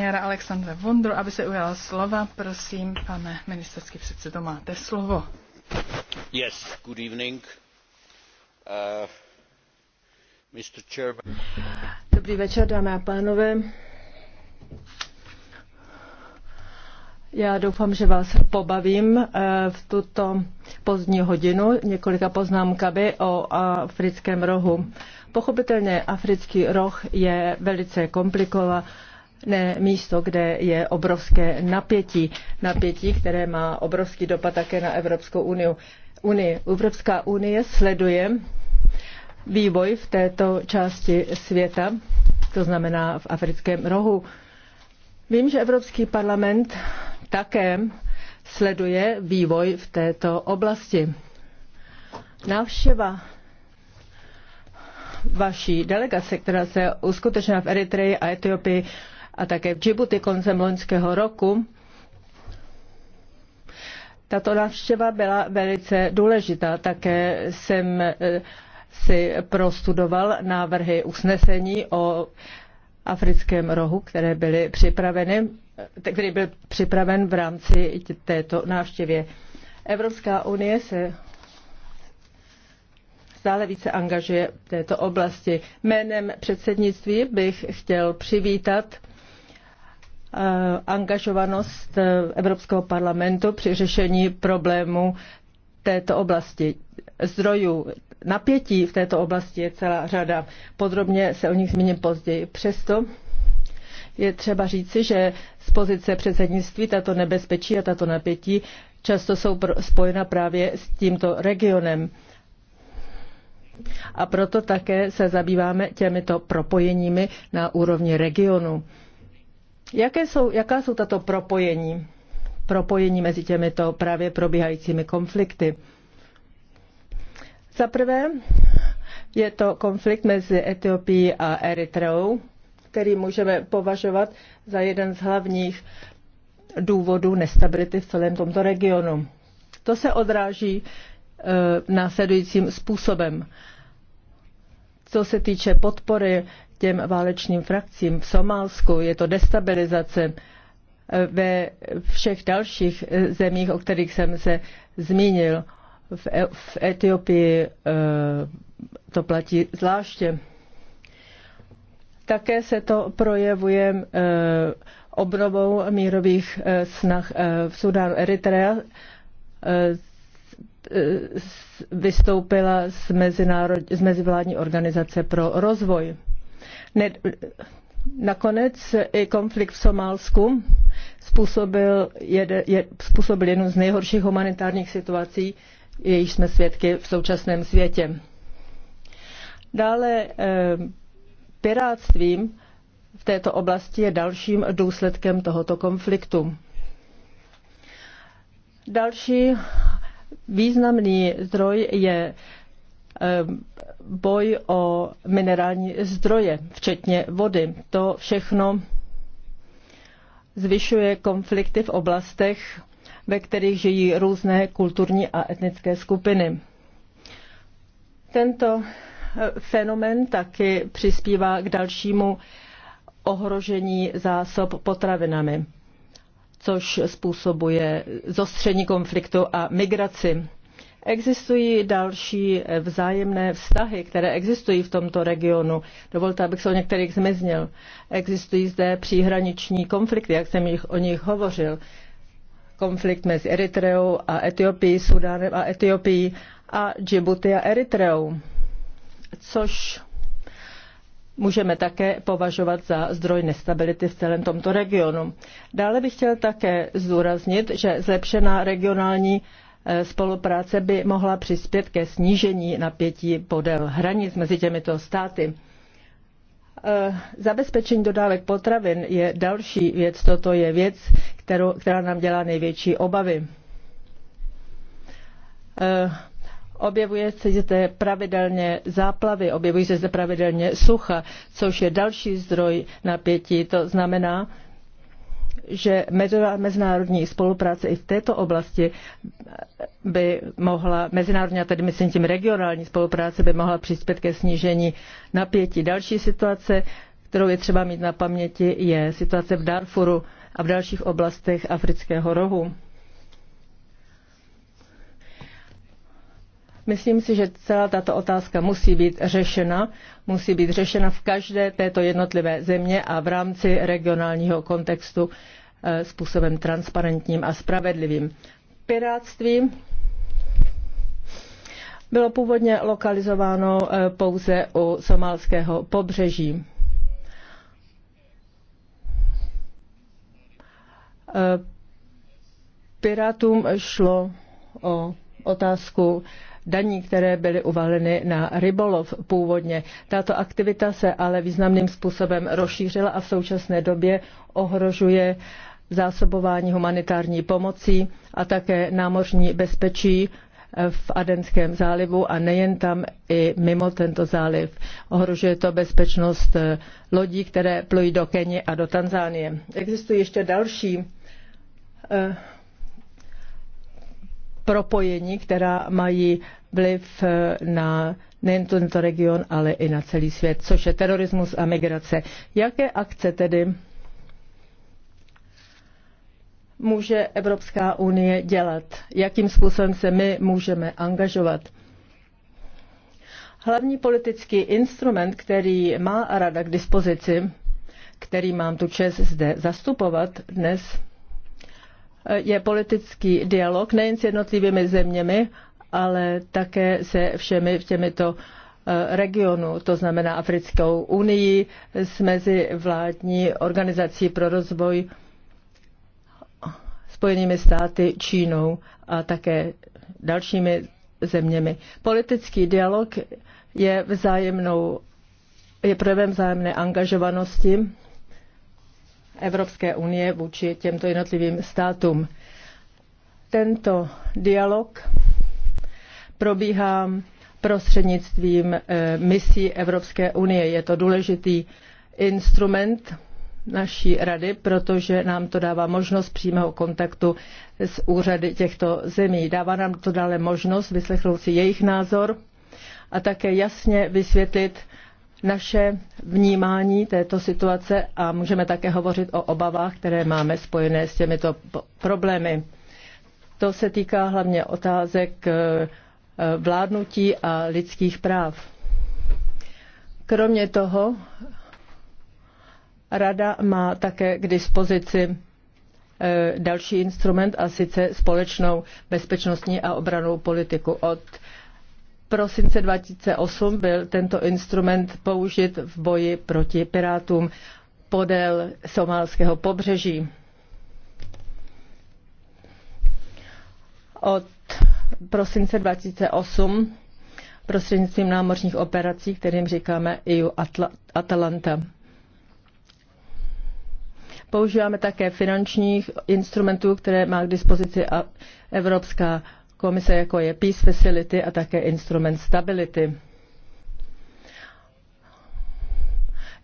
premiéra Alexandra Vondru, aby se ujala slova. Prosím, pane ministerský předsedo, máte slovo. Yes, good evening. Uh, Mr. Chairman. Dobrý večer, dámy a pánové. Já doufám, že vás pobavím uh, v tuto pozdní hodinu několika poznámkami o africkém rohu. Pochopitelně africký roh je velice komplikovaný ne místo, kde je obrovské napětí. Napětí, které má obrovský dopad také na Evropskou uniu. unii. Evropská unie sleduje vývoj v této části světa, to znamená v africkém rohu. Vím, že Evropský parlament také sleduje vývoj v této oblasti. Návštěva vaší delegace, která se uskutečnila v Eritreji a Etiopii, a také v Džibuti koncem loňského roku. Tato návštěva byla velice důležitá. Také jsem eh, si prostudoval návrhy usnesení o africkém rohu, které byly připraveny, eh, který byl připraven v rámci této návštěvě. Evropská unie se stále více angažuje v této oblasti. Jménem předsednictví bych chtěl přivítat Eh, angažovanost eh, Evropského parlamentu při řešení problému této oblasti. Zdrojů napětí v této oblasti je celá řada. Podrobně se o nich zmíním později. Přesto je třeba říci, že z pozice předsednictví tato nebezpečí a tato napětí často jsou spojena právě s tímto regionem. A proto také se zabýváme těmito propojeními na úrovni regionu. Jaké jsou, jaká jsou tato propojení? Propojení mezi těmito právě probíhajícími konflikty. Za prvé je to konflikt mezi Etiopií a Eritreou, který můžeme považovat za jeden z hlavních důvodů nestability v celém tomto regionu. To se odráží e, následujícím způsobem. Co se týče podpory těm válečným frakcím v Somálsku, je to destabilizace eh, ve všech dalších eh, zemích, o kterých jsem se zmínil. V, e- v Etiopii eh, to platí zvláště. Také se to projevuje obnovou mírových snah v Sudánu Eritrea vystoupila z, z mezivládní organizace pro rozvoj nakonec i konflikt v Somálsku způsobil, jednu z nejhorších humanitárních situací, jejichž jsme svědky v současném světě. Dále eh, pirátstvím v této oblasti je dalším důsledkem tohoto konfliktu. Další významný zdroj je Ehm, boj o minerální zdroje, včetně vody. To všechno zvyšuje konflikty v oblastech, ve kterých žijí různé kulturní a etnické skupiny. Tento eh, fenomén taky přispívá k dalšímu ohrožení zásob potravinami, což způsobuje zostření konfliktu a migraci. Existují další vzájemné vztahy, které existují v tomto regionu. Dovolte, abych se o některých zmiznil. Existují zde příhraniční konflikty, jak jsem jich, o nich hovořil. Konflikt mezi Eritreou a Etiopií, Sudánem a Etiopií a Djibouti a Eritreou, což můžeme také považovat za zdroj nestability v celém tomto regionu. Dále bych chtěl také zdůraznit, že zlepšená regionální Eh, spolupráce by mohla přispět ke snížení napětí podél hranic mezi těmito státy. Eh, zabezpečení dodávek potravin je další věc. Toto je věc, kterou, která nám dělá největší obavy. Eh, objevuje se zde pravidelně záplavy, objevují se zde pravidelně sucha, což je další zdroj napětí. To znamená, že mezinárodní spolupráce i v této oblasti by mohla, mezinárodní a tedy myslím tím regionální spolupráce by mohla přispět ke snížení napětí. Další situace, kterou je třeba mít na paměti, je situace v Darfuru a v dalších oblastech afrického rohu. Myslím si, že celá tato otázka musí být řešena, musí být řešena v každé této jednotlivé země a v rámci regionálního kontextu, Eh, způsobem transparentním a spravedlivým. Piráctví bylo původně lokalizováno eh, pouze u somálského pobřeží. Eh, Pirátům šlo o otázku daní, které byly uvaleny na rybolov původně. Tato aktivita se ale významným způsobem rozšířila a v současné době ohrožuje uh, zásobování humanitární pomocí a také námořní bezpečí v Adenském zálivu a nejen tam, i mimo tento záliv. Ohrožuje to bezpečnost lodí, které plují do Keni a do Tanzánie. Existují ještě další eh, propojení, která mají vliv eh, na nejen tento region, ale i na celý svět, což je terorismus a migrace. Jaké akce tedy může Evropská unie dělat, jakým způsobem se my můžeme angažovat. Hlavní politický instrument, který má Rada k dispozici, který mám tu čest zde zastupovat dnes, je politický dialog nejen s jednotlivými zeměmi, ale také se všemi těmito eh, regionu, to znamená Africkou unii, s mezivládní organizací pro rozvoj Spojenými státy, Čínou a také dalšími zeměmi. Politický dialog je vzájemnou, je prvem vzájemné angažovanosti Evropské unie vůči těmto jednotlivým státům. Tento dialog probíhá prostřednictvím eh, misí Evropské unie. Je to důležitý instrument naší rady, protože nám to dává možnost přímého kontaktu s úřady těchto zemí. Dává nám to dále možnost vyslechnout si jejich názor a také jasně vysvětlit naše vnímání této situace a můžeme také hovořit o obavách, které máme spojené s těmito problémy. To se týká hlavně otázek eh, vládnutí a lidských práv. Kromě toho Rada má také k dispozici e, další instrument a sice společnou bezpečnostní a obranou politiku. Od prosince 2008 byl tento instrument použit v boji proti pirátům podél somálského pobřeží. Od prosince 2008 prostřednictvím námořních operací, kterým říkáme EU Atalanta. Používáme také finančních instrumentů, které má k dispozici Evropská komise, jako je Peace Facility a také instrument stability.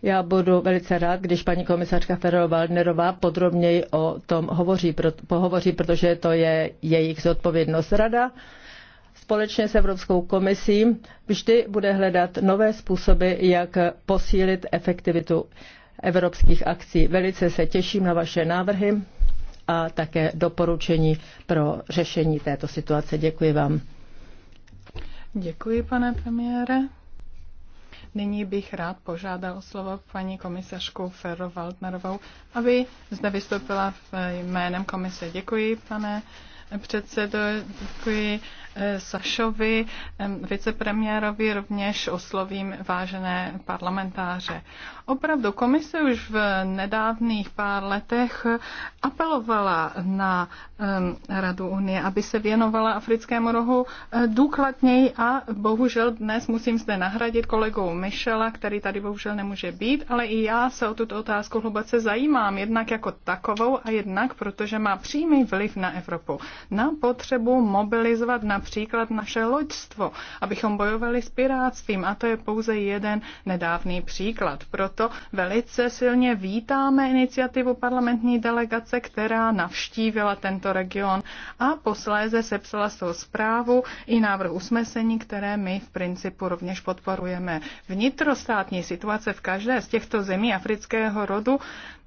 Já budu velice rád, když paní komisařka Ferro-Waldnerová podrobněji o tom hovoří, pohovoří, protože to je jejich zodpovědnost. Rada společně s Evropskou komisí vždy bude hledat nové způsoby, jak posílit efektivitu evropských akcí. Velice se těším na vaše návrhy a také doporučení pro řešení této situace. Děkuji vám. Děkuji, pane premiére. Nyní bych rád požádal slovo paní komisařku Ferro Waldnerovou, aby zde vystoupila v jménem komise. Děkuji, pane předsedo, děkuji Sašovi, vicepremiérovi, rovněž oslovím vážené parlamentáře. Opravdu, komise už v nedávných pár letech apelovala na Radu Unie, aby se věnovala africkému rohu eh, důkladněji a bohužel dnes musím zde nahradit kolegou Michela, který tady bohužel nemůže být, ale i já se o tuto otázku hluboce zajímám, jednak jako takovou a jednak, protože má přímý vliv na Evropu. Na potřebu mobilizovat například například naše loďstvo, abychom bojovali s piráctvím a to je pouze jeden nedávný příklad. Proto velice silně vítáme iniciativu parlamentní delegace, která navštívila tento region a posléze sepsala svou zprávu i návrh usmesení, které my v principu rovněž podporujeme. Vnitrostátní situace v každé z těchto zemí afrického rodu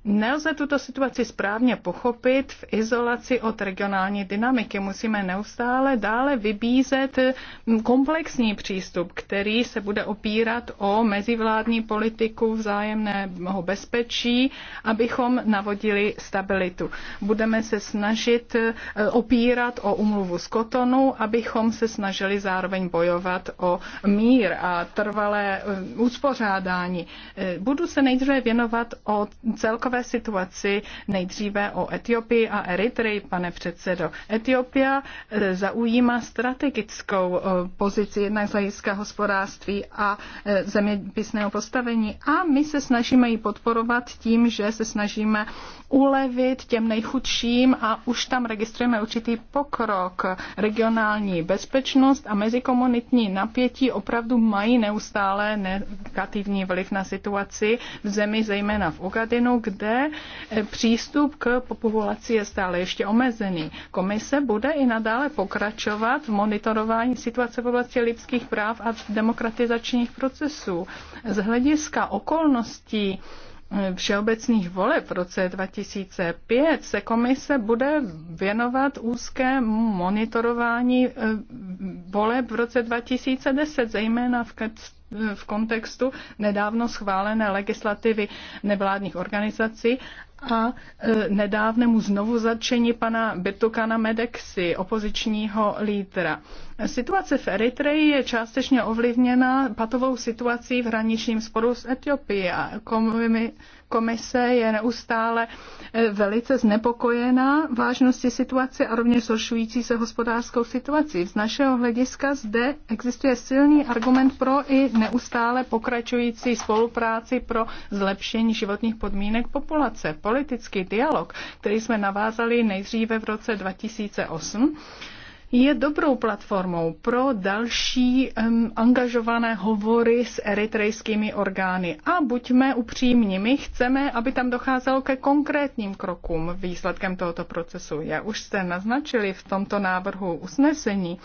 Nelze tuto situaci správně pochopit v izolaci od regionální dynamiky. Musíme neustále dále vybízet mm, komplexní přístup, který se bude opírat o mezivládní politiku vzájemného bezpečí, abychom navodili stabilitu. Budeme se snažit e, opírat o umluvu z kotonu, abychom se snažili zároveň bojovat o mír a trvalé e, uspořádání. E, budu se nejdříve věnovat o celkové takové situaci nejdříve o Etiopii a Eritreji, pane předsedo. Etiopia eh, zaujímá strategickou eh, pozici jednak z hlediska hospodářství a eh, zeměpisného postavení a my se snažíme ji podporovat tím, že se snažíme ulevit těm nejchudším a už tam registrujeme určitý pokrok. Regionální bezpečnost a mezikomunitní napětí opravdu mají neustále negativní vliv na situaci v zemi, zejména v Ugadinu, kde kde eh, přístup k populaci je stále ještě omezený. Komise bude i nadále pokračovat v monitorování situace v oblasti lidských práv a demokratizačních procesů. Z hlediska okolností eh, všeobecných voleb v roce 2005 se komise bude věnovat úzkému monitorování eh, voleb v roce 2010, zejména v v kontextu nedávno schválené legislativy nevládních organizací a e, nedávnému znovu začení pana Betukana Medexy, opozičního lídra. Situace v Eritreji je částečně ovlivněna patovou situací v hraničním sporu s Etiopií a komise je neustále eh, velice znepokojená vážnosti situace a rovněž zhoršující se hospodářskou situací. Z našeho hlediska zde existuje silný argument pro i neustále pokračující spolupráci pro zlepšení životních podmínek populace. Politický dialog, který jsme navázali nejdříve v roce 2008, je dobrou platformou pro další um, angažované hovory s eritrejskými orgány. A buďme upřímní, my chceme, aby tam docházelo ke konkrétním krokům výsledkem tohoto procesu. Já už jste naznačili v tomto návrhu usnesení,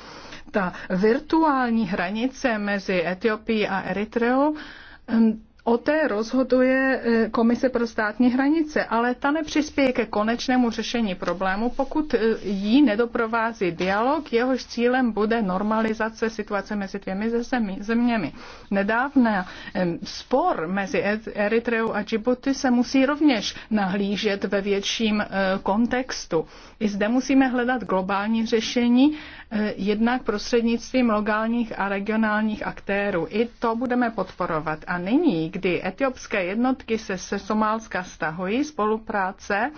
ta virtuální hranice mezi Etiopií a Eritreou um, O té rozhoduje e, Komise pro státní hranice, ale ta nepřispěje ke konečnému řešení problému, pokud e, jí nedoprovází dialog, jehož cílem bude normalizace situace mezi dvěmi zeměmi. Nedávný e, spor mezi Eritreou a Djibouti se musí rovněž nahlížet ve větším kontextu. I zde musíme hledat globální řešení, jednak prostřednictvím lokálních a regionálních aktérů. I to budeme podporovat. A nyní, kdy etiopské jednotky se se Somálska stahují, spolupráce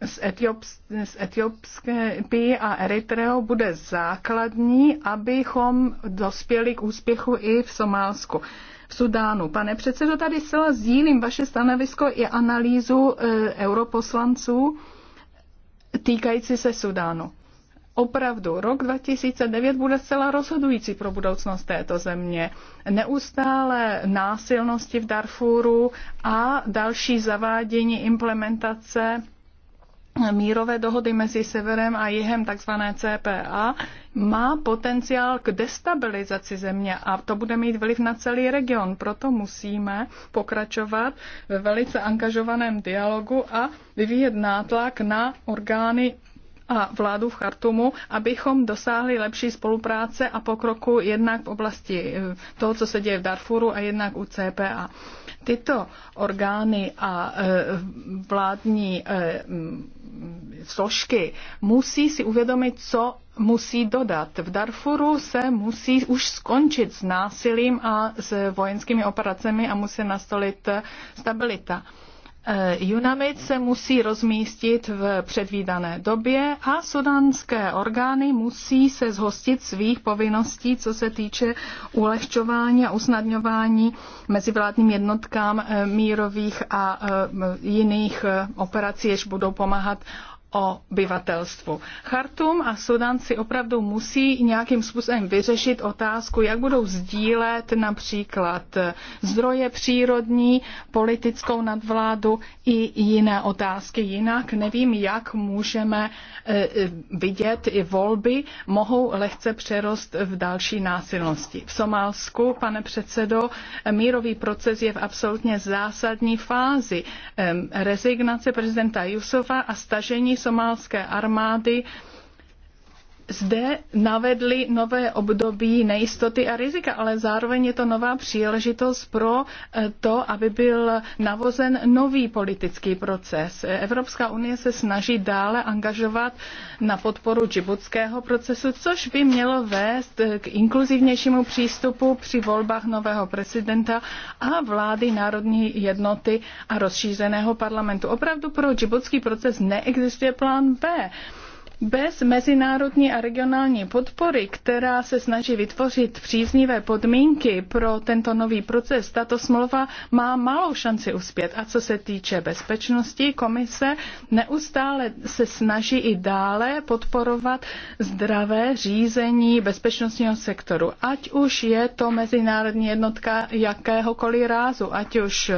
s, Etiop, s Etiopské a Eritreou bude základní, abychom dospěli k úspěchu i v Somálsku v Sudánu. Pane předsedo, tady zcela sdílím vaše stanovisko i analýzu e, europoslanců týkající se Sudánu opravdu rok 2009 bude zcela rozhodující pro budoucnost této země. Neustále násilnosti v Darfuru a další zavádění implementace mírové dohody mezi severem a jihem, takzvané CPA, má potenciál k destabilizaci země a to bude mít vliv na celý region. Proto musíme pokračovat ve velice angažovaném dialogu a vyvíjet nátlak na orgány a vládu v Chartumu, abychom dosáhli lepší spolupráce a pokroku jednak v oblasti eh, toho, co se děje v Darfuru a jednak u CPA. Tyto orgány a eh, vládní eh, složky musí si uvědomit, co musí dodat. V Darfuru se musí už skončit s násilím a s vojenskými operacemi a musí nastolit stabilita Eh, UNAMID se musí rozmístit v předvídané době a sudánské orgány musí se zhostit svých povinností, co se týče ulehčování a usnadňování mezivládním jednotkám eh, mírových a eh, jiných operací, jež budou pomáhat obyvatelstvu. Chartum a Sudan si opravdu musí nějakým způsobem vyřešit otázku, jak budou sdílet například zdroje přírodní, politickou nadvládu i jiné otázky. Jinak nevím, jak můžeme e, e, vidět, i volby mohou lehce přerost v další násilnosti. V Somálsku, pane předsedo, mírový proces je v absolutně zásadní fázi. Rezignace prezidenta Jusofa a stažení somálské armády zde navedli nové období nejistoty a rizika, ale zároveň je to nová příležitost pro eh, to, aby byl navozen nový politický proces. Evropská unie se snaží dále angažovat na podporu džibutského procesu, což by mělo vést eh, k inkluzivnějšímu přístupu při volbách nového prezidenta a vlády národní jednoty a rozšířeného parlamentu. Opravdu pro džibutský proces neexistuje plán B bez mezinárodní a regionální podpory, která se snaží vytvořit příznivé podmínky pro tento nový proces, tato smlouva má malou šanci uspět. A co se týče bezpečnosti, komise neustále se snaží i dále podporovat zdravé řízení bezpečnostního sektoru. Ať už je to mezinárodní jednotka jakéhokoliv rázu, ať už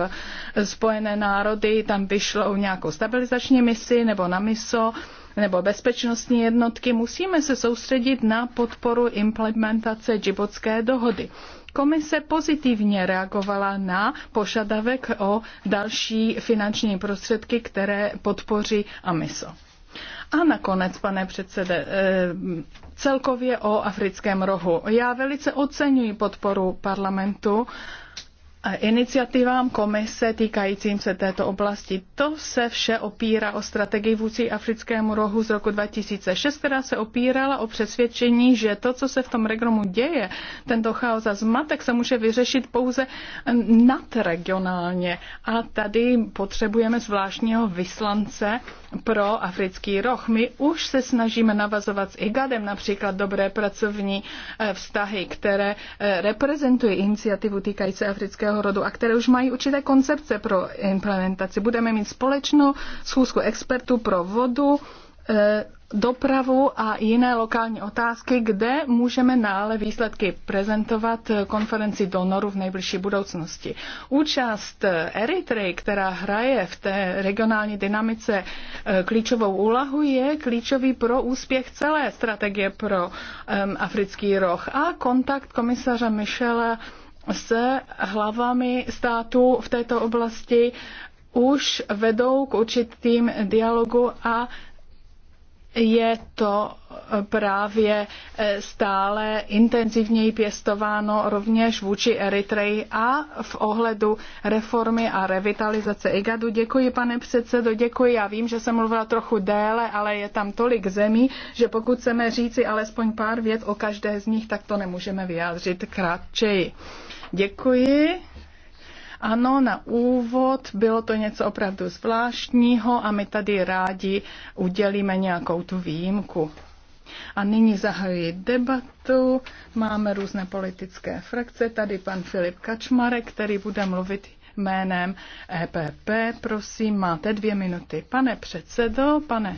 Spojené národy tam vyšlo nějakou stabilizační misi nebo na miso, nebo bezpečnostní jednotky, musíme se soustředit na podporu implementace džibotské dohody. Komise pozitivně reagovala na požadavek o další finanční prostředky, které podpoří AMISO. A nakonec, pane předsede, eh, celkově o africkém rohu. Já velice oceňuji podporu parlamentu iniciativám komise týkajícím se této oblasti. To se vše opírá o strategii vůči africkému rohu z roku 2006, která se opírala o přesvědčení, že to, co se v tom regionu děje, tento chaos a zmatek se může vyřešit pouze nadregionálně. A tady potřebujeme zvláštního vyslance pro africký roh. My už se snažíme navazovat s IGADem například dobré pracovní eh, vztahy, které eh, reprezentují iniciativu týkající afrického lidského rodu a které už mají určité koncepce pro implementaci. Budeme mít společnou schůzku expertů pro vodu, e, dopravu a jiné lokální otázky, kde můžeme nále výsledky prezentovat konferenci donorů v nejbližší budoucnosti. Účast Eritrej, která hraje v té regionální dynamice e, klíčovou úlahu, je klíčový pro úspěch celé strategie pro um, africký roh a kontakt komisaře Michela se hlavami států v této oblasti už vedou k určitým dialogu a je to právě eh, stále intenzivněji pěstováno rovněž vůči Eritreji a v ohledu reformy a revitalizace IGADu. Děkuji, pane předsedo, děkuji. Já vím, že jsem mluvila trochu déle, ale je tam tolik zemí, že pokud chceme říci alespoň pár vět o každé z nich, tak to nemůžeme vyjádřit krátčeji. Děkuji. Ano, na úvod bylo to něco opravdu zvláštního a my tady rádi udělíme nějakou tu výjimku. A nyní zahajuji debatu. Máme různé politické frakce. Tady pan Filip Kačmarek, který bude mluvit jménem EPP. Prosím, máte dvě minuty. Pane předsedo, pane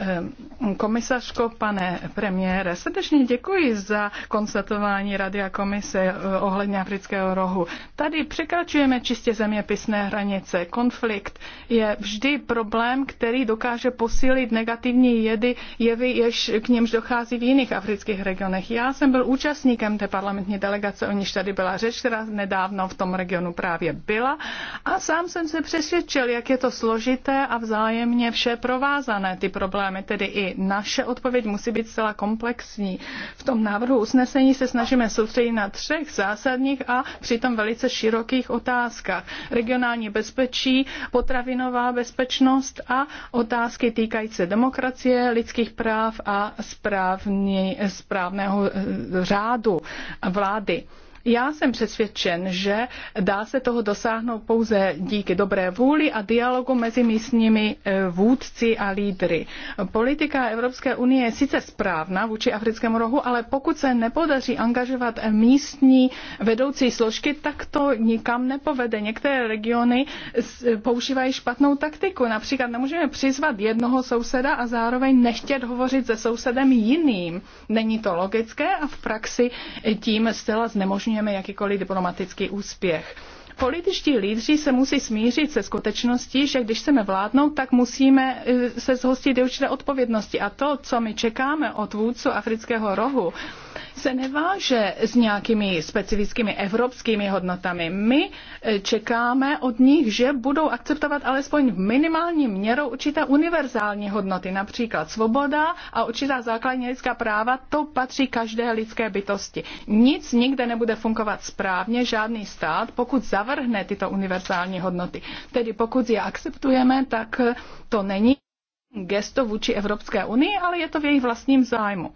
Ehm, komisařko, pane premiére, srdečně děkuji za konstatování Rady a komise eh, ohledně Afrického rohu. Tady překračujeme čistě zeměpisné hranice. Konflikt je vždy problém, který dokáže posílit negativní jedy, jevy, jež k němž dochází v jiných afrických regionech. Já jsem byl účastníkem té parlamentní delegace, o níž tady byla řeč, která nedávno v tom regionu právě byla a sám jsem se přesvědčil, jak je to složité a vzájemně vše provázané, ty problémy problémy, tedy i naše odpověď musí být zcela komplexní. V tom návrhu usnesení se snažíme soustředit na třech zásadních a přitom velice širokých otázkách. Regionální bezpečí, potravinová bezpečnost a otázky týkající demokracie, lidských práv a správní, správného eh, řádu vlády. Já jsem přesvědčen, že dá se toho dosáhnout pouze díky dobré vůli a dialogu mezi místními eh, vůdci a lídry. Politika Evropské unie je sice správná vůči africkému rohu, ale pokud se nepodaří angažovat místní vedoucí složky, tak to nikam nepovede. Některé regiony používají špatnou taktiku. Například nemůžeme přizvat jednoho souseda a zároveň nechtět hovořit se sousedem jiným. Není to logické a v praxi tím zcela znemožňuje podceňujeme jakýkoliv diplomatický úspěch. Političtí lídři se musí smířit se skutečností, že když chceme vládnout, tak musíme e, se zhostit určité odpovědnosti. A to, co my čekáme od vůdců afrického rohu, se neváže s nějakými specifickými evropskými hodnotami. My eh, čekáme od nich, že budou akceptovat alespoň v minimální měru určité univerzální hodnoty, například svoboda a určitá základní lidská práva, to patří každé lidské bytosti. Nic nikde nebude fungovat správně, žádný stát, pokud zavrhne tyto univerzální hodnoty. Tedy pokud je akceptujeme, tak eh, to není gesto vůči Evropské unii, ale je to v jejich vlastním zájmu.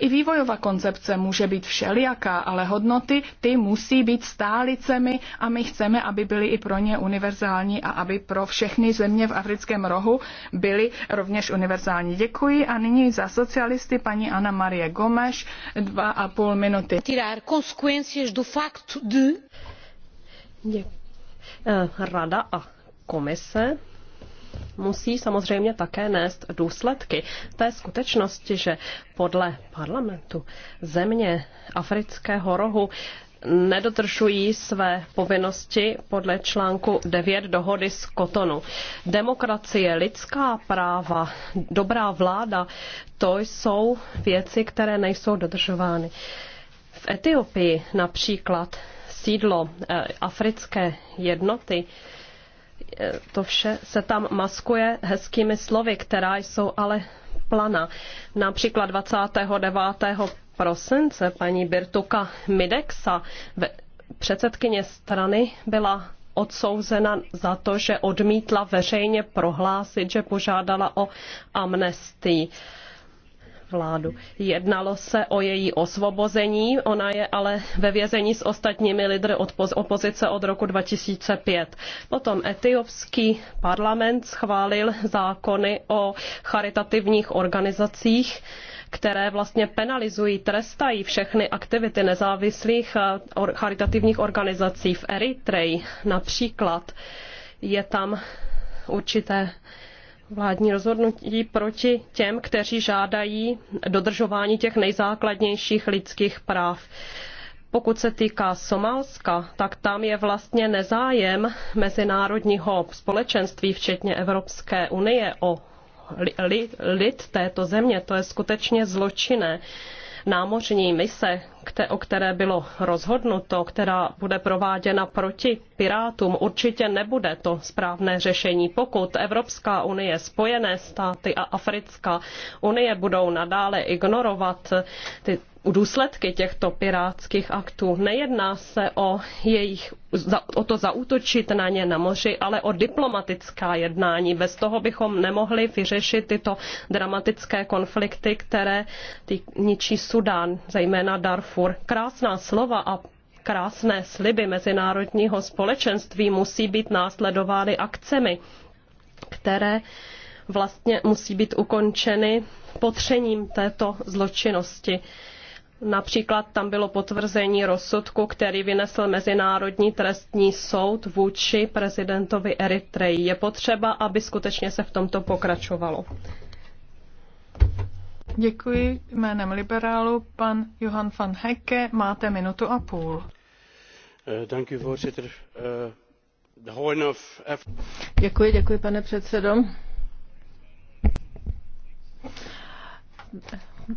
I vývojová koncepce může být všelijaká, ale hodnoty ty musí být stálicemi a my chceme, aby byly i pro ně univerzální a aby pro všechny země v africkém rohu byly rovněž univerzální. Děkuji a nyní za socialisty paní Ana Marie Gomes dva a půl minuty. Eh, Rada a komise musí samozřejmě také nést důsledky té skutečnosti, že podle parlamentu země afrického rohu nedodržují své povinnosti podle článku 9 dohody z Kotonu. Demokracie, lidská práva, dobrá vláda, to jsou věci, které nejsou dodržovány. V Etiopii například sídlo eh, africké jednoty Eh, to vše se tam maskuje hezkými slovy, která jsou ale plana. Například 29. prosince paní Birtuka Midexa, předsedkyně strany, byla odsouzena za to, že odmítla veřejně prohlásit, že požádala o amnestii vládu. Jednalo se o její osvobození, ona je ale ve vězení s ostatními lidry opozice od roku 2005. Potom etiopský parlament schválil zákony o charitativních organizacích, které vlastně penalizují, trestají všechny aktivity nezávislých eh, charitativních organizací v Eritreji. Například je tam určité vládní rozhodnutí proti těm, kteří žádají dodržování těch nejzákladnějších lidských práv. Pokud se týká Somálska, tak tam je vlastně nezájem mezinárodního společenství, včetně Evropské unie, o lid této země. To je skutečně zločinné námořní mise, o které bylo rozhodnuto, která bude prováděna proti pirátům, určitě nebude to správné řešení. Pokud Evropská unie, Spojené státy a Africká unie budou nadále ignorovat ty důsledky těchto pirátských aktů. Nejedná se o, jejich, o to zautočit na ně na moři, ale o diplomatická jednání. Bez toho bychom nemohli vyřešit tyto dramatické konflikty, které ničí Sudán, zejména Darf. Darfur. Krásná slova a krásné sliby mezinárodního společenství musí být následovány akcemi, které vlastně musí být ukončeny potřením této zločinnosti. Například tam bylo potvrzení rozsudku, který vynesl Mezinárodní trestní soud vůči prezidentovi Eritreji. Je potřeba, aby skutečně se v tomto pokračovalo. Děkuji jménem liberálu. Pan Johan van Hecke, máte minutu a půl. Eh, eh, děkuji, děkuji, pane předsedo.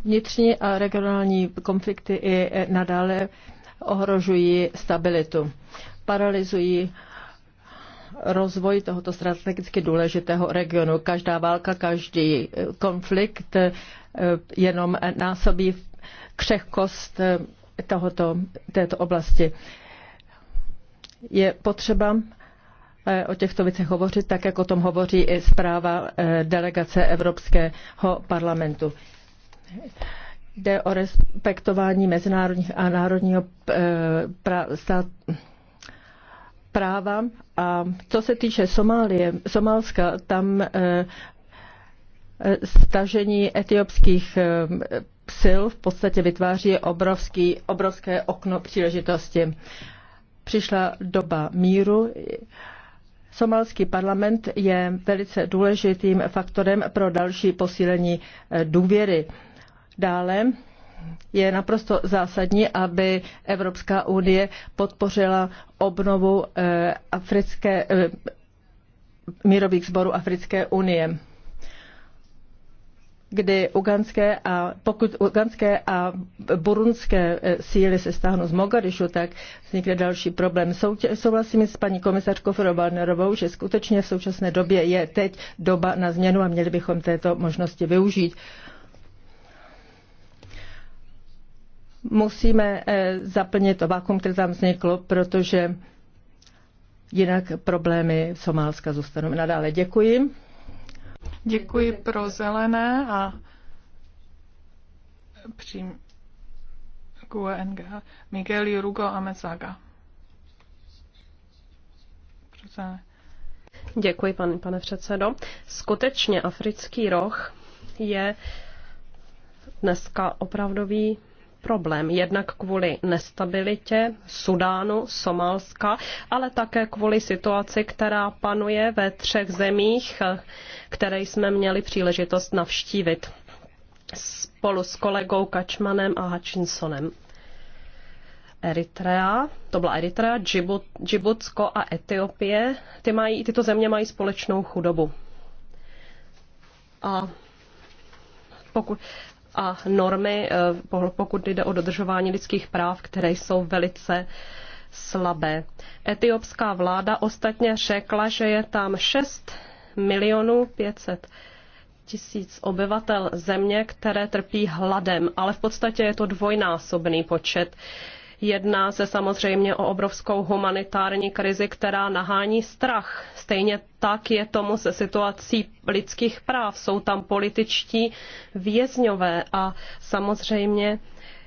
Vnitřní a regionální konflikty i nadále ohrožují stabilitu, paralyzují rozvoj tohoto strategicky důležitého regionu. Každá válka, každý konflikt Eh, jenom násobí křehkost eh, tohoto, této oblasti. Je potřeba eh, o těchto věcech hovořit, tak jak o tom hovoří i zpráva delegace Evropského parlamentu. Jde o respektování mezinárodních a národního práva. A co se týče Somálie, Somálska, tam stažení etiopských eh, sil v podstatě vytváří obrovský, obrovské okno příležitosti. Přišla doba míru. Somalský parlament je velice důležitým faktorem pro další posílení eh, důvěry. Dále je naprosto zásadní, aby Evropská unie podpořila obnovu eh, africké, mírových sborů Africké unie kdy uganské a, pokud uganské a burunské e, síly se stáhnou z Mogadišu, tak vznikne další problém. souhlasím s paní komisařkou Frobalnerovou, že skutečně v současné době je teď doba na změnu a měli bychom této možnosti využít. Musíme e, zaplnit to vákum, které tam vzniklo, protože jinak problémy Somálska zůstanou nadále. Děkuji. Děkuji pro zelené a přím QNG Miguel Jurugo Amezaga. Děkuji, pane, pane předsedo. Skutečně africký roh je dneska opravdový problém. Jednak kvůli nestabilitě Sudánu, Somálska, ale také kvůli situaci, která panuje ve třech zemích, které jsme měli příležitost navštívit spolu s kolegou Kačmanem a Hutchinsonem. Eritrea, to byla Eritrea, Džibut, Džibutsko a Etiopie, ty mají, tyto země mají společnou chudobu. A pokud, a normy, eh, pokud jde o dodržování lidských práv, které jsou velice slabé. Etiopská vláda ostatně řekla, že je tam 6 milionů 500 tisíc obyvatel země, které trpí hladem, ale v podstatě je to dvojnásobný počet. Jedná se samozřejmě o obrovskou humanitární krizi, která nahání strach. Stejně tak je tomu se situací lidských práv. Jsou tam političtí vězňové a samozřejmě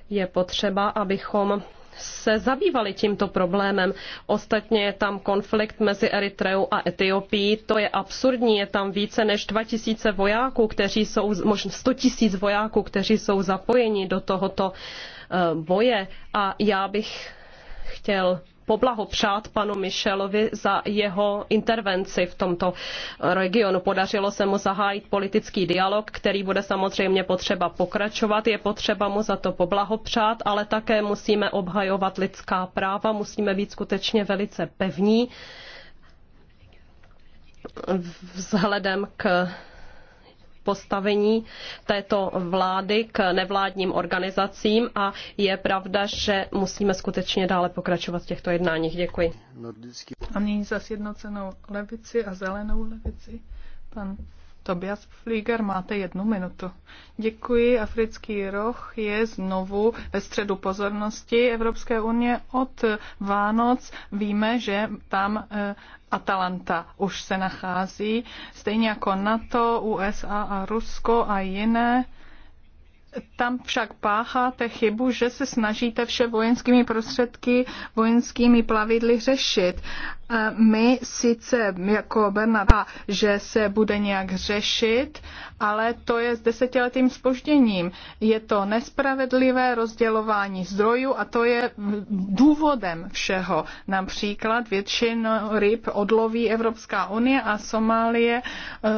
je potřeba, abychom se zabývali tímto problémem. Ostatně je tam konflikt mezi Eritreou a Etiopií. To je absurdní. Je tam více než 2000 vojáků, kteří jsou, možná 100 000 vojáků, kteří jsou zapojeni do tohoto Eh, boje a já bych chtěl poblahopřát panu Michelovi za jeho intervenci v tomto regionu. Podařilo se mu zahájit politický dialog, který bude samozřejmě potřeba pokračovat. Je potřeba mu za to poblahopřát, ale také musíme obhajovat lidská práva, musíme být skutečně velice pevní vzhledem k postavení této vlády k nevládním organizacím a je pravda, že musíme skutečně dále pokračovat v těchto jednáních. Děkuji. A nyní za sjednocenou levici a zelenou levici. Pan Tobias Flieger, máte jednu minutu. Děkuji. Africký roh je znovu ve středu pozornosti Evropské unie. Od Vánoc víme, že tam eh, Atalanta už se nachází, stejně jako NATO, USA a Rusko a jiné tam však pácháte chybu, že se snažíte vše vojenskými prostředky, vojenskými plavidly řešit. My sice jako Bernard, že se bude nějak řešit, ale to je s desetiletým spožděním. Je to nespravedlivé rozdělování zdrojů a to je důvodem všeho. Například většinu ryb odloví Evropská unie a Somálie eh,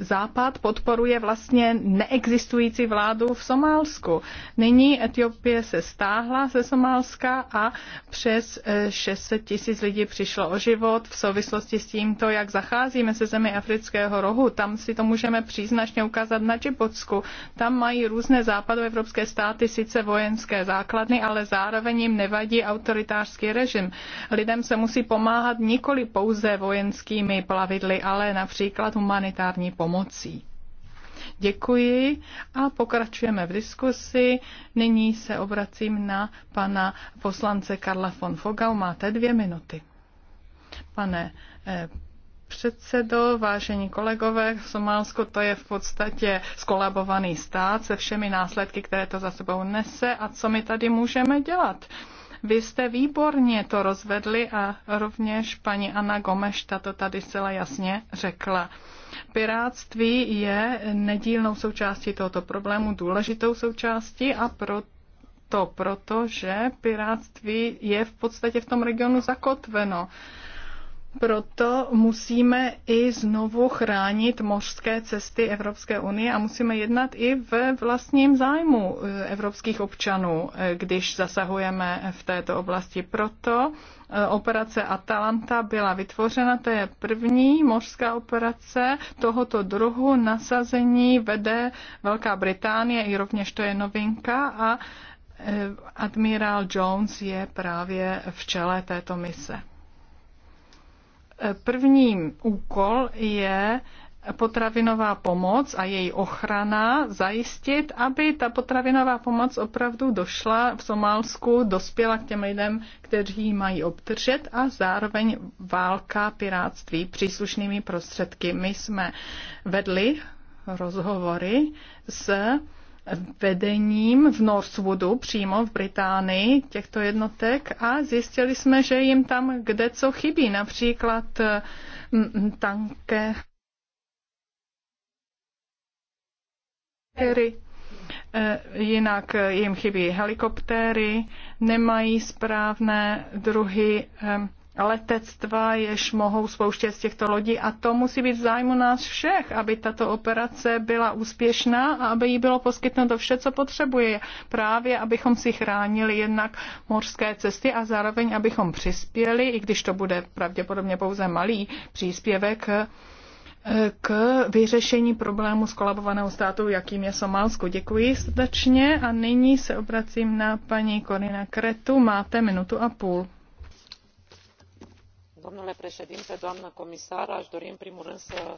Západ podporuje vlastně neexistující vládu v Somálsku. Nyní Etiopie se stáhla ze Somálska a přes 600 eh, tisíc lidí přišlo o život v souvislosti s tímto, jak zacházíme se zemi afrického rohu. Tam si to můžeme příznačně ukázat na Džibotsku. Tam mají různé západoevropské státy sice vojenské základny, ale zároveň jim nevadí autoritářský režim. Lidem se musí pomáhat nikoli pouze vojenskými plavidly, ale například humanitárními humanitární pomocí. Děkuji a pokračujeme v diskusi. Nyní se obracím na pana poslance Karla von Fogau. Máte dvě minuty. Pane eh, předsedo, vážení kolegové, Somálsko to je v podstatě skolabovaný stát se všemi následky, které to za sebou nese a co my tady můžeme dělat. Vy jste výborně to rozvedli a rovněž paní Anna Gomešta to tady zcela jasně řekla. Piráctví je nedílnou součástí tohoto problému, důležitou součástí a proto to, protože piráctví je v podstatě v tom regionu zakotveno. Proto musíme i znovu chránit mořské cesty Evropské unie a musíme jednat i ve vlastním zájmu e, evropských občanů, e, když zasahujeme v této oblasti. Proto e, operace Atalanta byla vytvořena, to je první mořská operace tohoto druhu. Nasazení vede Velká Británie, i rovněž to je novinka a admirál Jones je právě v čele této mise. První úkol je potravinová pomoc a její ochrana zajistit, aby ta potravinová pomoc opravdu došla v Somálsku, dospěla k těm lidem, kteří ji mají obdržet a zároveň válka piráctví příslušnými prostředky. My jsme vedli rozhovory s vedením v Northwoodu, přímo v Británii, těchto jednotek a zjistili jsme, že jim tam kde co chybí, například mm, mm, tanké e, jinak jim chybí helikoptéry, nemají správné druhy letectva, jež mohou spouštět z těchto lodí. A to musí být v zájmu nás všech, aby tato operace byla úspěšná a aby jí bylo poskytnuto vše, co potřebuje. Právě abychom si chránili jednak mořské cesty a zároveň abychom přispěli, i když to bude pravděpodobně pouze malý příspěvek, eh, k vyřešení problému skolabovaného státu, jakým je Somálsko. Děkuji srdečně a nyní se obracím na paní Korina Kretu. Máte minutu a půl. Domnule președinte, doamnă comisar, aș dori în primul rând să...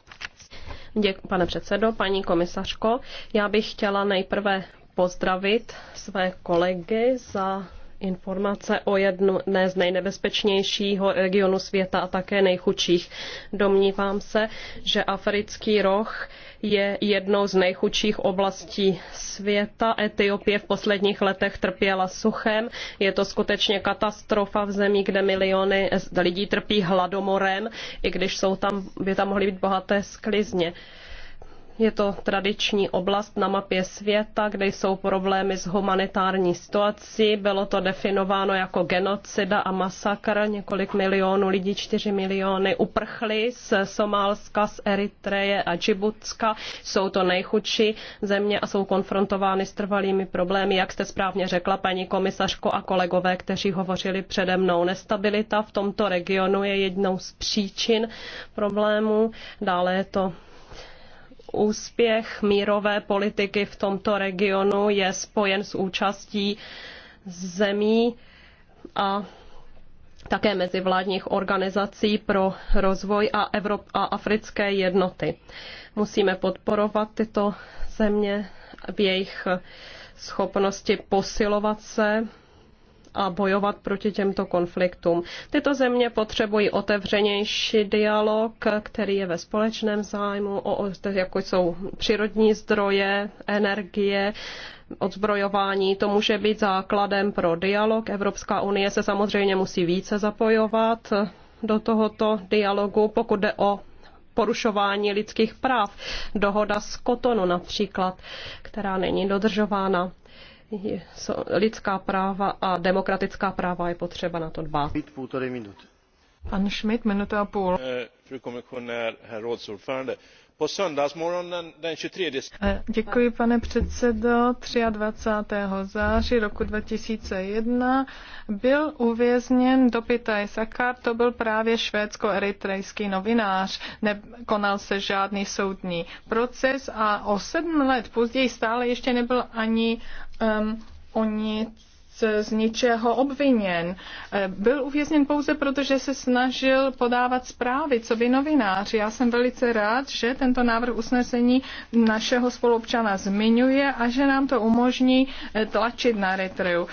Děkuji, pane předsedo, paní komisařko. Já bych chtěla nejprve pozdravit své kolegy za informace o jedné z nejnebezpečnějšího regionu světa a také nejchudších. Domnívám se, že africký roh je jednou z nejchudších oblastí světa. Etiopie v posledních letech trpěla suchem. Je to skutečně katastrofa v zemi, kde miliony lidí trpí hladomorem, i když jsou tam, by tam mohly být bohaté sklizně. Je to tradiční oblast na mapě světa, kde jsou problémy s humanitární situací. Bylo to definováno jako genocida a masakr. Několik milionů lidí, čtyři miliony, uprchly z Somálska, z Eritreje a Džibutska. Jsou to nejchudší země a jsou konfrontovány s trvalými problémy, jak jste správně řekla, paní komisařko a kolegové, kteří hovořili přede mnou. Nestabilita v tomto regionu je jednou z příčin problémů. Dále je to Úspěch mírové politiky v tomto regionu je spojen s účastí zemí a také mezivládních organizací pro rozvoj a, Evrop- a africké jednoty. Musíme podporovat tyto země v jejich schopnosti posilovat se a bojovat proti těmto konfliktům. Tyto země potřebují otevřenější dialog, který je ve společném zájmu, o, jako jsou přírodní zdroje, energie, odzbrojování. To může být základem pro dialog. Evropská unie se samozřejmě musí více zapojovat do tohoto dialogu, pokud jde o porušování lidských práv. Dohoda z Kotonu například, která není dodržována lidská práva a demokratická práva je potřeba na to dbát. Pan Schmidt, minuta a půl. Eh, fru Eh, děkuji, pane předsedo. 23. září roku 2001 byl uvězněn Dopitaj Sakar, to byl právě švédsko-eritrejský novinář. Nekonal se žádný soudní proces a o sedm let později stále ještě nebyl ani um, o nic z ničeho obviněn. Eh, byl uvězněn pouze proto, že se snažil podávat zprávy, co by novinář. Já jsem velice rád, že tento návrh usnesení našeho spolupčana zmiňuje a že nám to umožní eh, tlačit na retriu.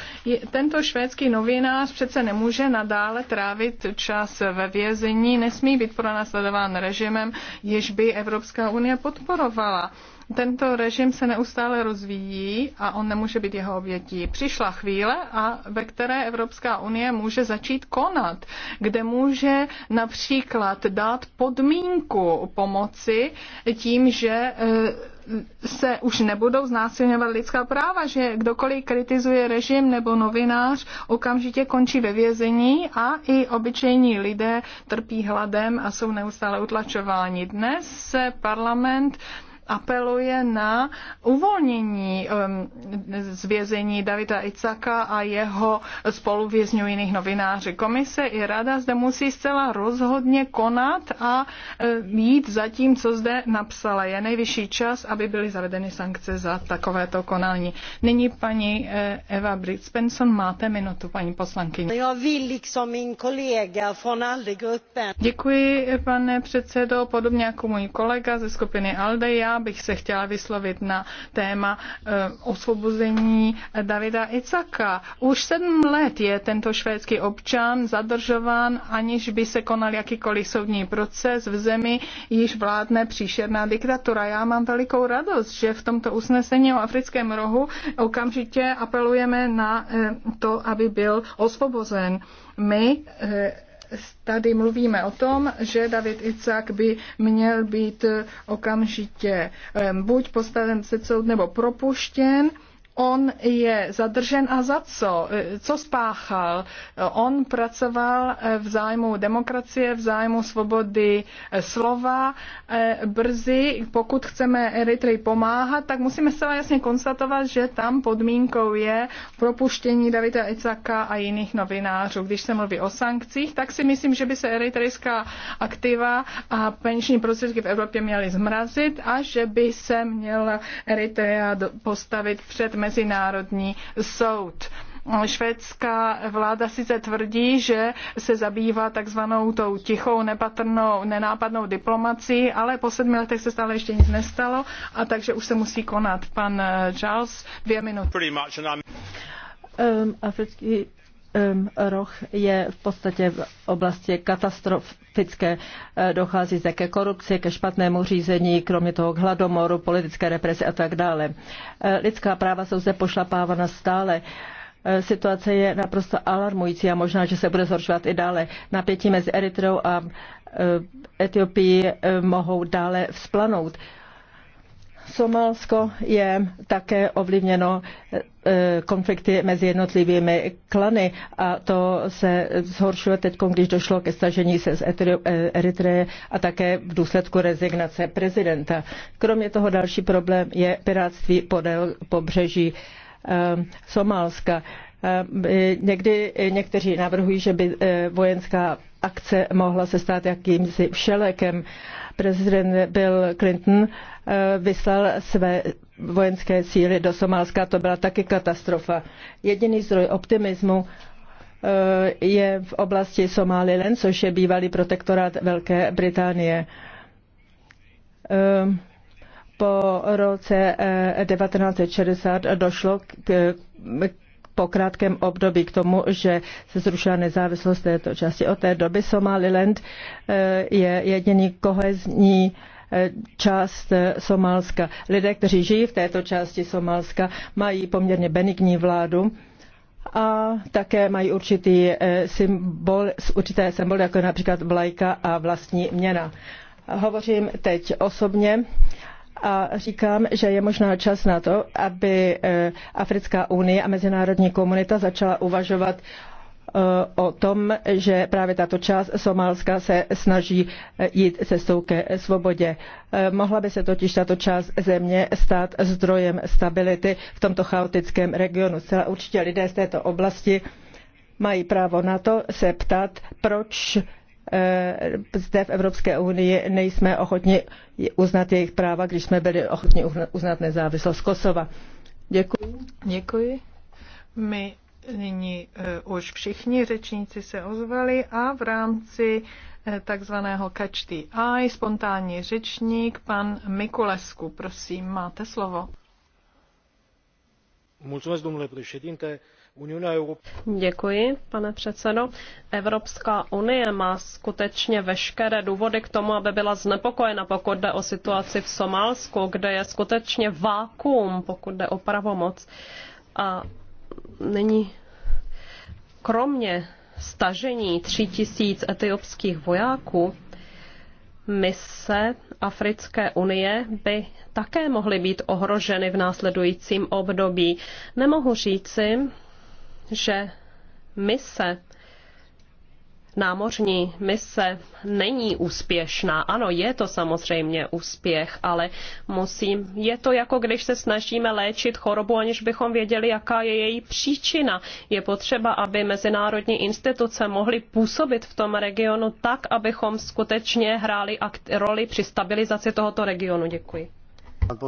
Tento švédský novinář přece nemůže nadále trávit čas ve vězení, nesmí být pronásledován režimem, jež by Evropská unie podporovala. Tento režim se neustále rozvíjí a on nemůže být jeho obětí. Přišla chvíle, a ve které Evropská unie může začít konat, kde může například dát podmínku pomoci tím, že eh, se už nebudou znásilňovat lidská práva, že kdokoliv kritizuje režim nebo novinář, okamžitě končí ve vězení a i obyčejní lidé trpí hladem a jsou neustále utlačováni. Dnes se parlament apeluje na uvolnění um, z vězení Davida Icaka a jeho spoluvězňů jiných novináři Komise i rada zde musí zcela rozhodně konat a um, jít za tím, co zde napsala. Je nejvyšší čas, aby byly zavedeny sankce za takovéto konání. Nyní paní eh, Eva Britspenson, máte minutu, paní poslankyně. Děkuji, pane předsedo. Podobně jako můj kolega ze skupiny ALDE, já bych se chtěla vyslovit na téma eh, osvobození Davida Icaka. Už sedm let je tento švédský občan zadržován, aniž by se konal jakýkoliv soudní proces v zemi, již vládne příšerná diktatura. Já mám velikou radost, že v tomto usnesení o africkém rohu okamžitě apelujeme na eh, to, aby byl osvobozen. My eh, tady mluvíme o tom, že David Icák by měl být okamžitě eh, buď postaven před soud nebo propuštěn On je zadržen a za co? E, co spáchal? On pracoval e, v zájmu demokracie, v zájmu svobody e, slova. Brzy, pokud chceme Eritreji pomáhat, tak musíme se jasně konstatovat, že tam podmínkou je propuštění Davida Icaka a jiných novinářů. Když se mluví o sankcích, tak si myslím, že by se eritrejská aktiva a peněžní prostředky v Evropě měly zmrazit a že by se měla Eritrea postavit před Mezinárodní soud. Švédská vláda sice tvrdí, že se zabývá takzvanou tou tichou, nepatrnou, nenápadnou diplomací, ale po sedmi letech se stále ještě nic nestalo a takže už se musí konat. Pan eh, Charles, dvě minuty. Um, africký Um, roh je v podstatě v oblasti katastrofické. Uh, dochází zde ke korupci, ke špatnému řízení, kromě toho k hladomoru, politické represi a tak dále. Uh, lidská práva jsou zde pošlapávána stále uh, situace je naprosto alarmující a možná, že se bude zhoršovat i dále. Napětí mezi Eritreou a Etiopií mohou dále vzplanout. Somálsko je také ovlivněno eh, konflikty mezi jednotlivými klany a to se zhoršuje teď, když došlo ke stažení se z eh, Eritreje a také v důsledku rezignace prezidenta. Kromě toho další problém je piráctví podél pobřeží eh, Somálska. Eh, eh, někdy eh, někteří navrhují, že by vojenská akce mohla se stát jakýmsi všelekem. Prezident Bill Clinton vyslal své vojenské síly do Somálska, to byla taky katastrofa. Jediný zdroj optimismu je v oblasti Somaliland, což je bývalý protektorát Velké Británie. Po roce 1960 došlo k po krátkém období k tomu, že se zrušila nezávislost této části. Od té doby Somaliland eh, je jediný kohezní eh, část eh, Somálska. Lidé, kteří žijí v této části Somálska, mají poměrně benigní vládu a také mají určitý symbol, určité symboly, jako je například vlajka a vlastní měna. Hovořím teď osobně a říkám, že je možná čas na to, aby eh, Africká unie a mezinárodní komunita začala uvažovat eh, o tom, že právě tato část Somálska se snaží eh, jít cestou ke svobodě. Mohla by se totiž tato část země stát zdrojem stability v tomto chaotickém regionu. Zcela určitě lidé z této oblasti mají právo na to se ptat, proč Eh, zde v Evropské unii nejsme ochotni uznat jejich práva, když jsme byli ochotni uznat nezávislost Kosova. Děkuji. Děkuji. My nyní uh, už všichni řečníci se ozvali a v rámci eh, takzvaného catch the eye, spontánní řečník, pan Mikulesku, prosím, máte slovo. Mulțumesc, domnule președinte. Uh, Děkuji, pane předsedo. Evropská unie má skutečně veškeré důvody k tomu, aby byla znepokojena, pokud jde o situaci v Somálsku, kde je skutečně vákuum, pokud jde o pravomoc. A není kromě stažení tří tisíc etiopských vojáků, mise Africké unie by také mohly být ohroženy v následujícím období. Nemohu říci, že mise námořní mise není úspěšná. Ano, je to samozřejmě úspěch, ale musím, je to jako když se snažíme léčit chorobu, aniž bychom věděli, jaká je její příčina. Je potřeba, aby mezinárodní instituce mohly působit v tom regionu tak, abychom skutečně hráli roli při stabilizaci tohoto regionu. Děkuji. Pan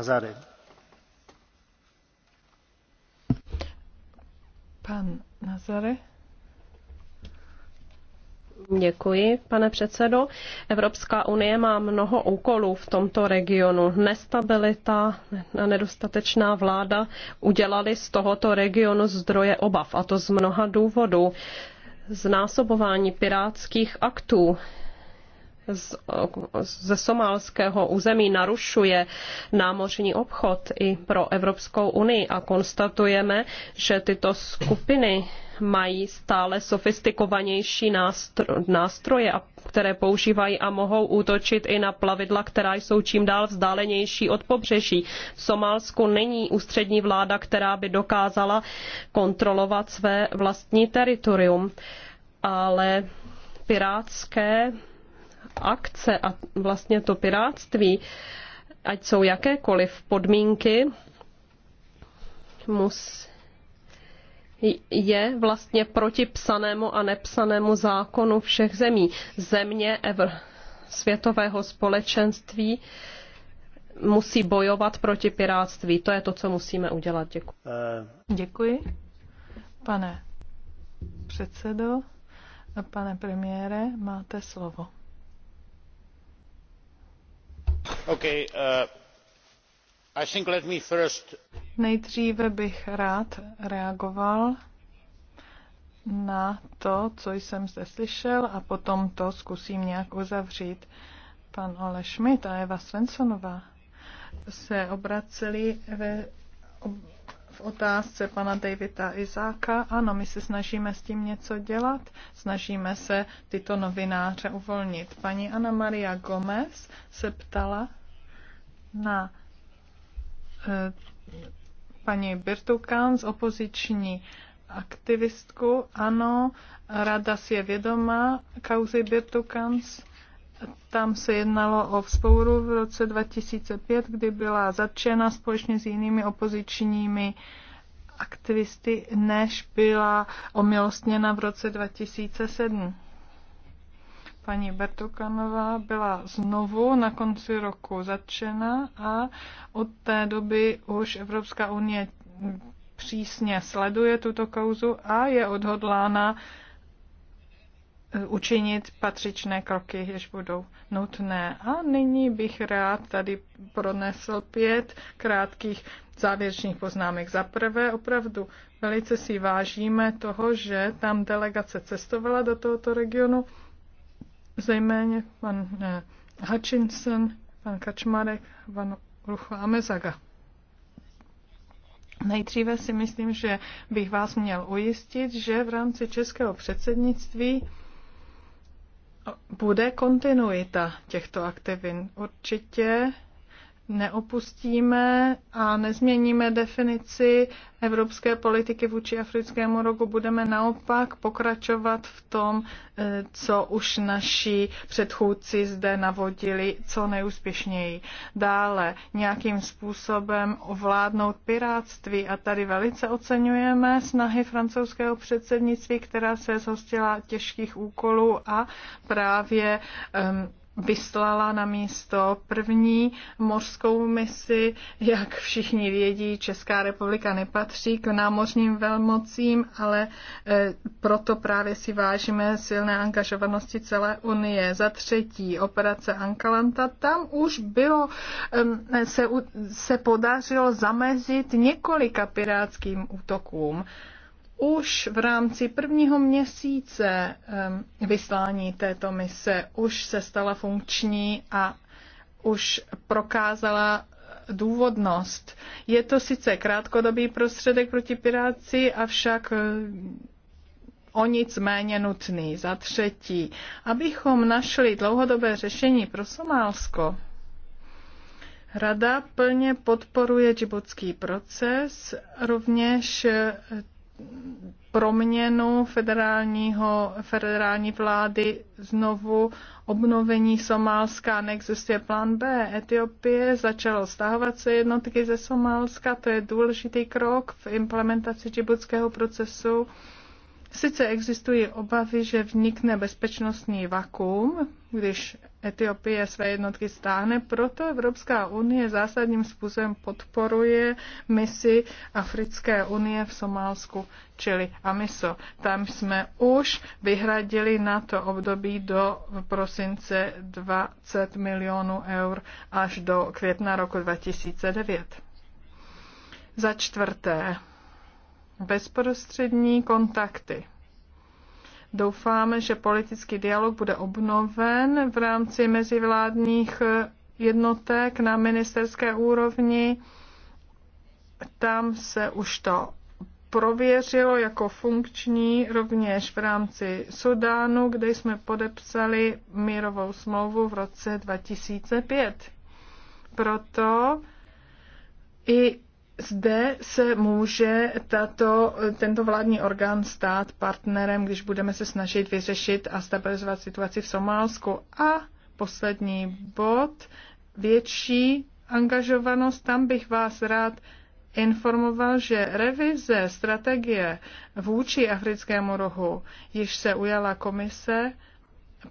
zádech. Pan Nazary. Děkuji, pane předsedo. Evropská unie má mnoho úkolů v tomto regionu. Nestabilita a nedostatečná vláda udělali z tohoto regionu zdroje obav, a to z mnoha důvodů. Znásobování pirátských aktů z, ze somálského území narušuje námořní obchod i pro Evropskou unii a konstatujeme, že tyto skupiny mají stále sofistikovanější nástroje, které používají a mohou útočit i na plavidla, která jsou čím dál vzdálenější od pobřeží. V Somálsku není ústřední vláda, která by dokázala kontrolovat své vlastní teritorium, ale pirátské akce a vlastně to piráctví, ať jsou jakékoliv podmínky, mus, je vlastně proti psanému a nepsanému zákonu všech zemí. Země Evr, světového společenství musí bojovat proti piráctví. To je to, co musíme udělat. Děkuji. Eh. Děkuji. Pane předsedo, pane premiére, máte slovo. Uh, Nejdříve bych rád reagoval na to, co jsem zde slyšel a potom to zkusím nějak uzavřít. Pan Ole Schmidt a Eva Svensonová se obraceli ve v otázce pana Davida Izáka. Ano, my se snažíme s tím něco dělat, snažíme se tyto novináře uvolnit. Paní Ana Maria Gomez se ptala na eh, paní paní Birtukán z opoziční aktivistku. Ano, rada si je vědoma kauzy Birtukans tam se jednalo o vzpouru v roce 2005, kdy byla zatčena společně s jinými opozičními aktivisty, než byla omilostněna v roce 2007. Paní Bertokanová byla znovu na konci roku zatčena a od té doby už Evropská unie přísně sleduje tuto kauzu a je odhodlána učinit patřičné kroky, jež budou nutné. A nyní bych rád tady pronesl pět krátkých závěrečných poznámek. Za prvé, opravdu velice si vážíme toho, že tam delegace cestovala do tohoto regionu, zejména pan eh, Hutchinson, pan Kačmarek, pan Lucho Amezaga. Nejdříve si myslím, že bych vás měl ujistit, že v rámci českého předsednictví bude kontinuita těchto aktivin. Určitě neopustíme a nezměníme definici evropské politiky vůči africkému rogu, budeme naopak pokračovat v tom, eh, co už naši předchůdci zde navodili co nejúspěšněji. Dále nějakým způsobem ovládnout piráctví a tady velice oceňujeme snahy francouzského předsednictví, která se zhostila těžkých úkolů a právě um, vyslala na místo první mořskou misi. Jak všichni vědí, Česká republika nepatří k námořním velmocím, ale e, proto právě si vážíme silné angažovanosti celé Unie. Za třetí, operace Ankalanta, tam už bylo, se, se podařilo zamezit několika pirátským útokům už v rámci prvního měsíce vyslání této mise už se stala funkční a už prokázala eh, důvodnost. Je to sice krátkodobý prostředek proti piráci, avšak eh, o nic méně nutný. Za třetí, abychom našli dlouhodobé řešení pro Somálsko, Rada plně podporuje džibutský proces, rovněž eh, proměnu federálního, federální vlády, znovu obnovení Somálska, neexistuje plán B. Etiopie začalo stahovat se jednotky ze Somálska, to je důležitý krok v implementaci džibutského procesu Sice existují obavy, že vnikne bezpečnostní vakuum, když Etiopie své jednotky stáhne, proto Evropská unie zásadním způsobem podporuje misi Africké unie v Somálsku, čili AMISO. Tam jsme už vyhradili na to období do prosince 20 milionů eur až do května roku 2009. Za čtvrté, bezprostřední kontakty. Doufáme, že politický dialog bude obnoven v rámci mezivládních jednotek na ministerské úrovni. Tam se už to prověřilo jako funkční rovněž v rámci Sudánu, kde jsme podepsali mírovou smlouvu v roce 2005. Proto i zde se může tato, tento vládní orgán stát partnerem, když budeme se snažit vyřešit a stabilizovat situaci v Somálsku. A poslední bod, větší angažovanost, tam bych vás rád informoval, že revize strategie vůči africkému rohu již se ujala komise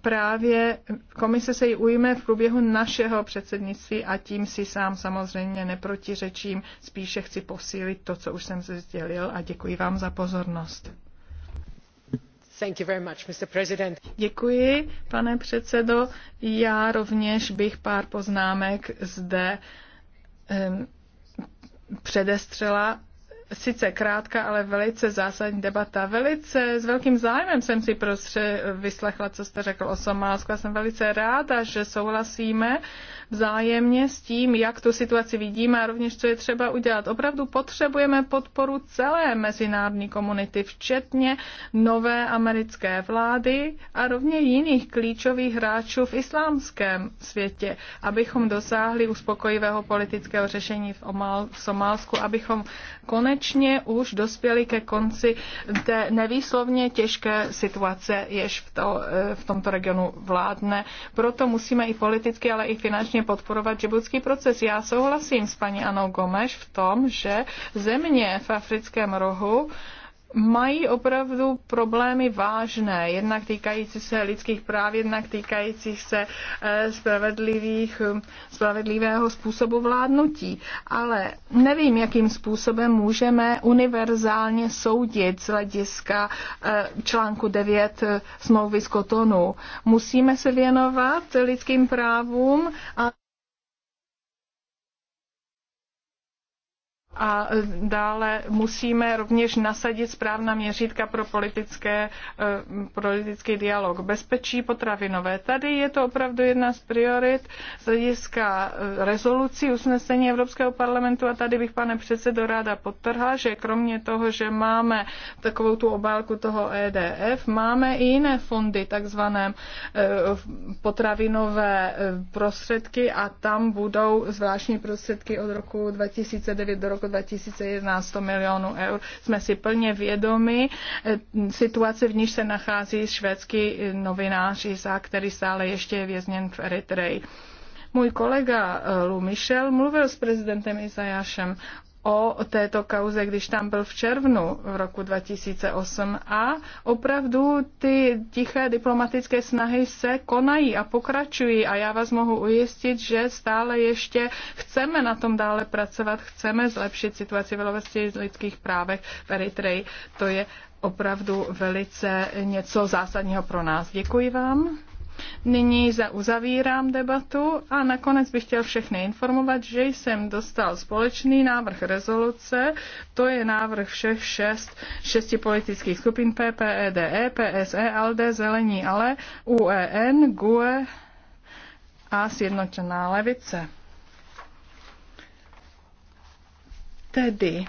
právě komise se ji ujme v průběhu našeho předsednictví a tím si sám samozřejmě neprotiřečím, spíše chci posílit to, co už jsem se sdělil a děkuji vám za pozornost. Much, Děkuji, pane předsedo. Já rovněž bych pár poznámek zde um, předestřela sice krátká, ale velice zásadní debata. Velice s velkým zájmem jsem si prostě vyslechla, co jste řekl o Somálsku Já jsem velice ráda, že souhlasíme vzájemně s tím, jak tu situaci vidíme a rovněž, co je třeba udělat. Opravdu potřebujeme podporu celé mezinárodní komunity, včetně nové americké vlády a rovně jiných klíčových hráčů v islámském světě, abychom dosáhli uspokojivého politického řešení v, v Somálsku, abychom konečně konečně už dospěli ke konci té nevýslovně těžké situace, jež v, to, eh, v tomto regionu vládne. Proto musíme i politicky, ale i finančně podporovat džibutský proces. Já souhlasím s paní Anou Gomeš v tom, že země v africkém rohu mají opravdu problémy vážné, jednak týkající se lidských práv, jednak týkající se eh, spravedlivých, spravedlivého způsobu vládnutí. Ale nevím, jakým způsobem můžeme univerzálně soudit z hlediska eh, článku 9 eh, smlouvy z Kotonu. Musíme se věnovat lidským právům a A e, dále musíme rovněž nasadit správná měřítka pro, politické, e, politický dialog. Bezpečí potravinové. Tady je to opravdu jedna z priorit z hlediska e, rezolucí usnesení Evropského parlamentu a tady bych, pane předsedo, ráda podtrhla, že kromě toho, že máme takovou tu obálku toho EDF, máme i jiné fondy, takzvané potravinové prostředky a tam budou zvláštní prostředky od roku 2009 do roku roku 2011 100 milionů eur. Jsme si plně vědomi eh, situace, v níž se nachází švédský eh, novinář Isaac, který stále ještě je vězněn v Eritreji. Můj kolega eh, Lu Michel mluvil s prezidentem Izajášem o této kauze, když tam byl v červnu v roku 2008 a opravdu ty tiché diplomatické snahy se konají a pokračují a já vás mohu ujistit, že stále ještě chceme na tom dále pracovat, chceme zlepšit situaci v lidských právech v Eritreji. To je opravdu velice něco zásadního pro nás. Děkuji vám. Nyní zauzavírám debatu a nakonec bych chtěl všechny informovat, že jsem dostal společný návrh rezoluce, to je návrh všech šest, šesti politických skupin PPEDE, PSE, ALDE, Zelení, ale UEN, GUE a Sjednočená levice. Tedy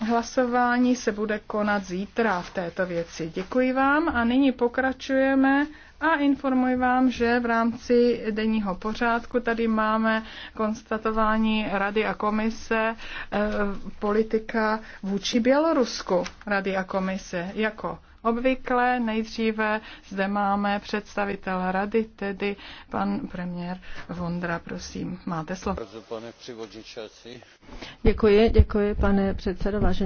hlasování se bude konat zítra v této věci. Děkuji vám a nyní pokračujeme a informuji vám, že v rámci denního pořádku tady máme konstatování Rady a komise eh, politika vůči Bělorusku Rady a komise jako obvykle. Nejdříve zde máme představitel rady, tedy pan premiér Vondra, prosím, máte slovo. Děkuji, děkuji, pane předsedo,